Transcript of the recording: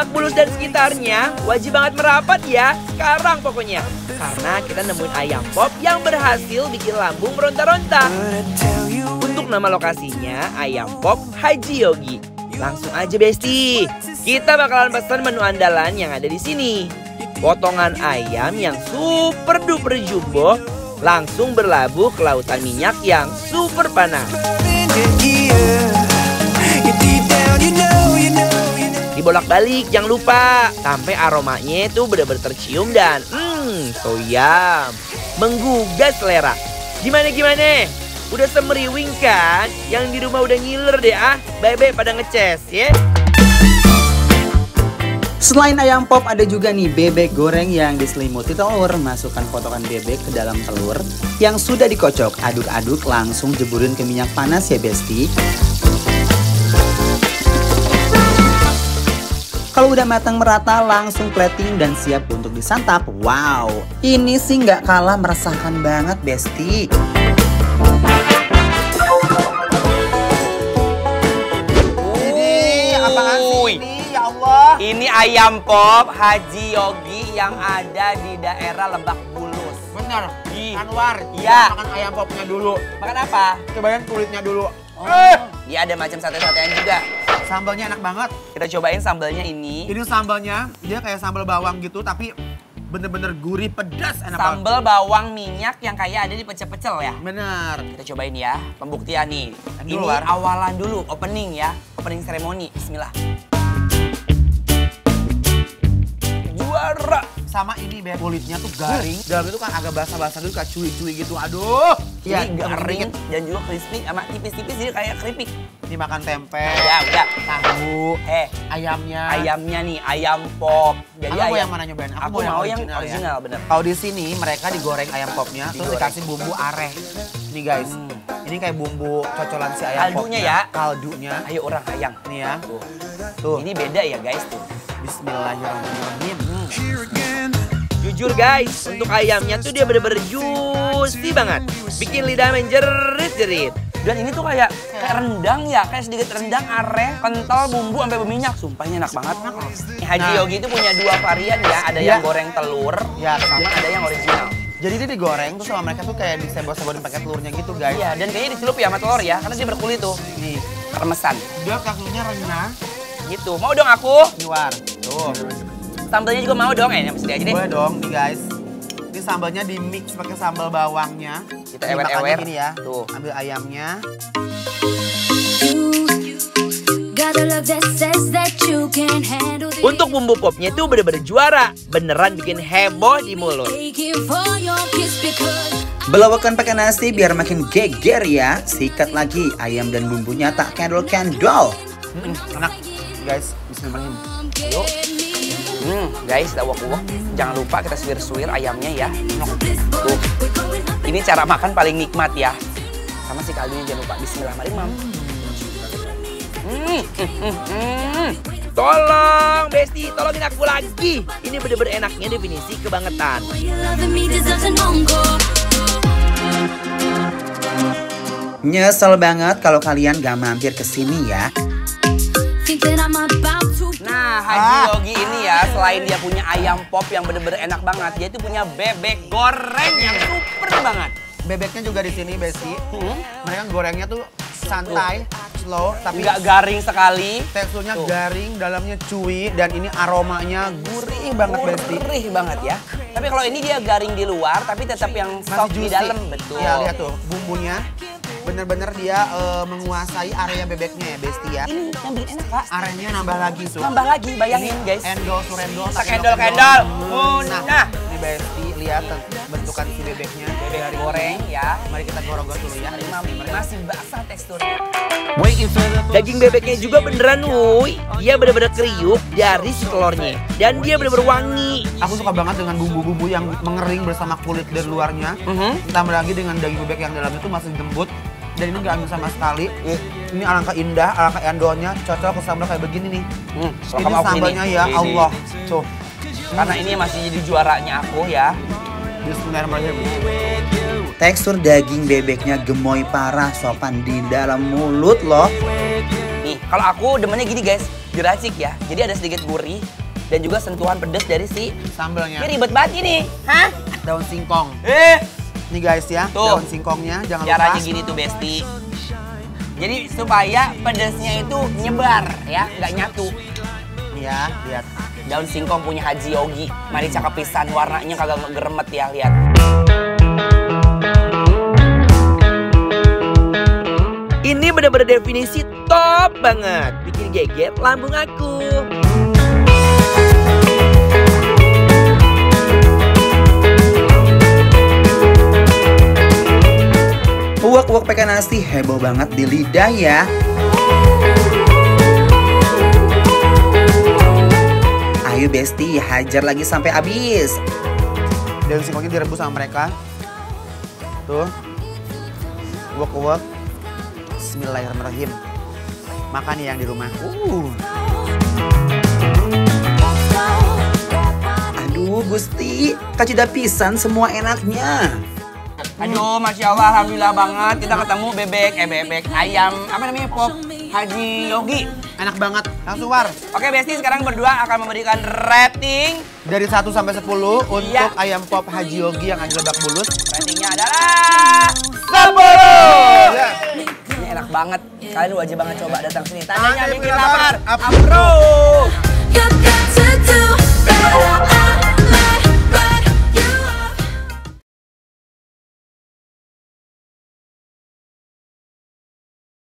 Lebak Bulus dan sekitarnya, wajib banget merapat ya sekarang pokoknya. Karena kita nemuin ayam pop yang berhasil bikin lambung meronta-ronta. Untuk nama lokasinya, ayam pop Haji Yogi. Langsung aja Besti, kita bakalan pesan menu andalan yang ada di sini. Potongan ayam yang super duper jumbo langsung berlabuh ke lautan minyak yang super panas. bolak balik jangan lupa sampai aromanya itu benar-benar tercium dan hmm so yum menggugah selera gimana gimana udah semeriwing kan yang di rumah udah ngiler deh ah bye pada ngeces ya yeah? Selain ayam pop, ada juga nih bebek goreng yang diselimuti telur. Masukkan potongan bebek ke dalam telur yang sudah dikocok. Aduk-aduk langsung jeburin ke minyak panas ya, Besti. Kalau udah matang merata, langsung plating dan siap untuk disantap. Wow, ini sih nggak kalah meresahkan banget, Besti. Ini ya ayam pop Haji Yogi yang ada di daerah Lebak Bulus. Benar. Di Anwar. Iya. Makan ayam popnya dulu. Makan apa? Cobain kulitnya dulu. Oh. Eh. Dia ada macam sate-satean juga. Sambalnya enak banget. Kita cobain sambalnya ini. Ini sambalnya, dia kayak sambal bawang gitu tapi bener-bener gurih pedas enak banget. Sambal bawang minyak yang kayak ada di pecel-pecel ya? Bener. Kita cobain ya, pembuktian nih. Ini luar. awalan dulu, opening ya. Opening ceremony, bismillah. Juara! Sama ini, Beb. Kulitnya tuh garing. Dalam itu kan agak basah-basah dulu, gitu, kayak cuy-cuy gitu. Aduh! Iya, garing dan juga crispy sama tipis-tipis jadi kayak keripik. makan tempe. Ya, udah. Tahu. Eh, ayamnya. Ayamnya nih, ayam pop. Jadi Aku ayam, mau yang mana nyobain? Aku, aku mau yang original, yang original ya. bener. Kalau di sini mereka digoreng ayam popnya, digoreng. terus dikasih bumbu areh. Nih guys, hmm. ini kayak bumbu cocolan si ayam Kaldunya popnya. ya. Kaldunya. Ayo orang ayam. Nih ya. Tuh. tuh. Ini beda ya guys tuh. Bismillahirrahmanirrahim. Hmm jujur guys, untuk ayamnya tuh dia bener-bener juicy banget. Bikin lidah menjerit-jerit. Dan ini tuh kayak, kayak rendang ya, kayak sedikit rendang, are, kental, bumbu, sampai berminyak. Sumpah ini enak banget. Nah, Haji Yogi itu punya dua varian ya, ada ya. yang goreng telur, ya, sama ada yang original. Jadi dia digoreng tuh sama mereka tuh kayak disebor-seborin pakai telurnya gitu guys. Iya, dan kayaknya dicelup ya sama telur ya, karena dia berkulit tuh. Nih, kremesan Dia kakinya renyah. Gitu, mau dong aku? Luar. Tuh sambalnya juga mau dong, eh, ya sedih aja deh. Boleh dong nih guys. Ini sambalnya di mix pakai sambal bawangnya. Kita ewet-ewet. Ini ya. Tuh. Ambil ayamnya. Untuk bumbu popnya itu bener-bener juara, beneran bikin heboh di mulut. Belawakan pakai nasi biar makin geger ya. Sikat lagi ayam dan bumbunya tak candle candle. Hmm, enak. Guys, bisa bismillahirrahmanirrahim. Yuk. Hmm, guys, dakwah wak, Jangan lupa kita suwir-suwir ayamnya ya. Tuh. Ini cara makan paling nikmat ya. Sama si kaldunya jangan lupa. Bismillahirrahmanirrahim. Hmm, hmm, hmm, hmm, tolong, Besti, tolongin aku lagi. Ini bener-bener enaknya definisi kebangetan. Nyesel banget kalau kalian gak mampir ke sini ya. Haji Yogi ini ya, selain dia punya ayam pop yang bener-bener enak banget, dia itu punya bebek goreng yang super banget. Bebeknya juga di sini, Besi. Hmm? Mereka gorengnya tuh santai, slow, tapi nggak garing sekali. Teksturnya tuh. garing, dalamnya cuy, dan ini aromanya gurih banget, Besi. Gurih banget ya. Tapi kalau ini dia garing di luar, tapi tetap yang soft di dalam, betul. Ya, lihat tuh bumbunya bener-bener dia uh, menguasai area bebeknya ya Besti ya. Ini yang bikin enak kak. Areanya nambah lagi tuh. Nambah lagi bayangin guys. Endol, surendol, tak endol, endol. Oh, nah, nah, ini Besti lihat bentukan si bebeknya. Bebek dari goreng ya. Mari kita goreng gorong dulu ya. Ini masih basah teksturnya. Daging bebeknya juga beneran wuih, Dia bener-bener kriuk dari si telurnya. Dan dia bener-bener wangi. Aku suka banget dengan bumbu-bumbu yang mengering bersama kulit dari luarnya. Mhm. Tambah lagi dengan daging bebek yang dalamnya itu masih lembut dan ini nggak amis sama sekali. Yeah. Ini alangkah indah, alangkah endolnya, cocok ke sambal kayak begini nih. Hmm, ini sambalnya ini. ya ini. Allah. Tuh. Karena ini masih jadi juaranya aku ya. Bismillahirrahmanirrahim. Tekstur daging bebeknya gemoy parah sopan di dalam mulut loh. Nih, kalau aku demennya gini guys, diracik ya. Jadi ada sedikit gurih dan juga sentuhan pedas dari si sambalnya. Ini ribet banget ini. Hah? Daun singkong. Eh, Nih guys ya, tuh. daun singkongnya jangan Caranya lupa. gini tuh Besti. Jadi supaya pedesnya itu nyebar ya, nggak nyatu. ya, lihat. Daun singkong punya Haji Yogi. Mari cakep pisan, warnanya kagak ngegeremet ya, lihat. Ini bener-bener definisi top banget. Bikin geget lambung aku. uwak-uwak pekan nasi heboh banget di lidah ya. Ayo Besti, hajar lagi sampai habis. Dan singkongnya direbus sama mereka. Tuh. Uwak-uwak. Bismillahirrahmanirrahim. Makan yang di rumah. Uh. Aduh Gusti, kacida pisan semua enaknya. Ayo, Masya Allah, Alhamdulillah banget kita ketemu bebek, eh bebek, ayam, apa namanya, Pop Haji Yogi. Enak banget, langsung war. Oke, Besti sekarang berdua akan memberikan rating dari 1 sampai 10 untuk iya. ayam Pop Haji Yogi yang agak bulus. Ratingnya adalah 10. Ya. Ini enak banget. Kalian wajib banget coba datang sini. Tandanya bikin lapar. Apro!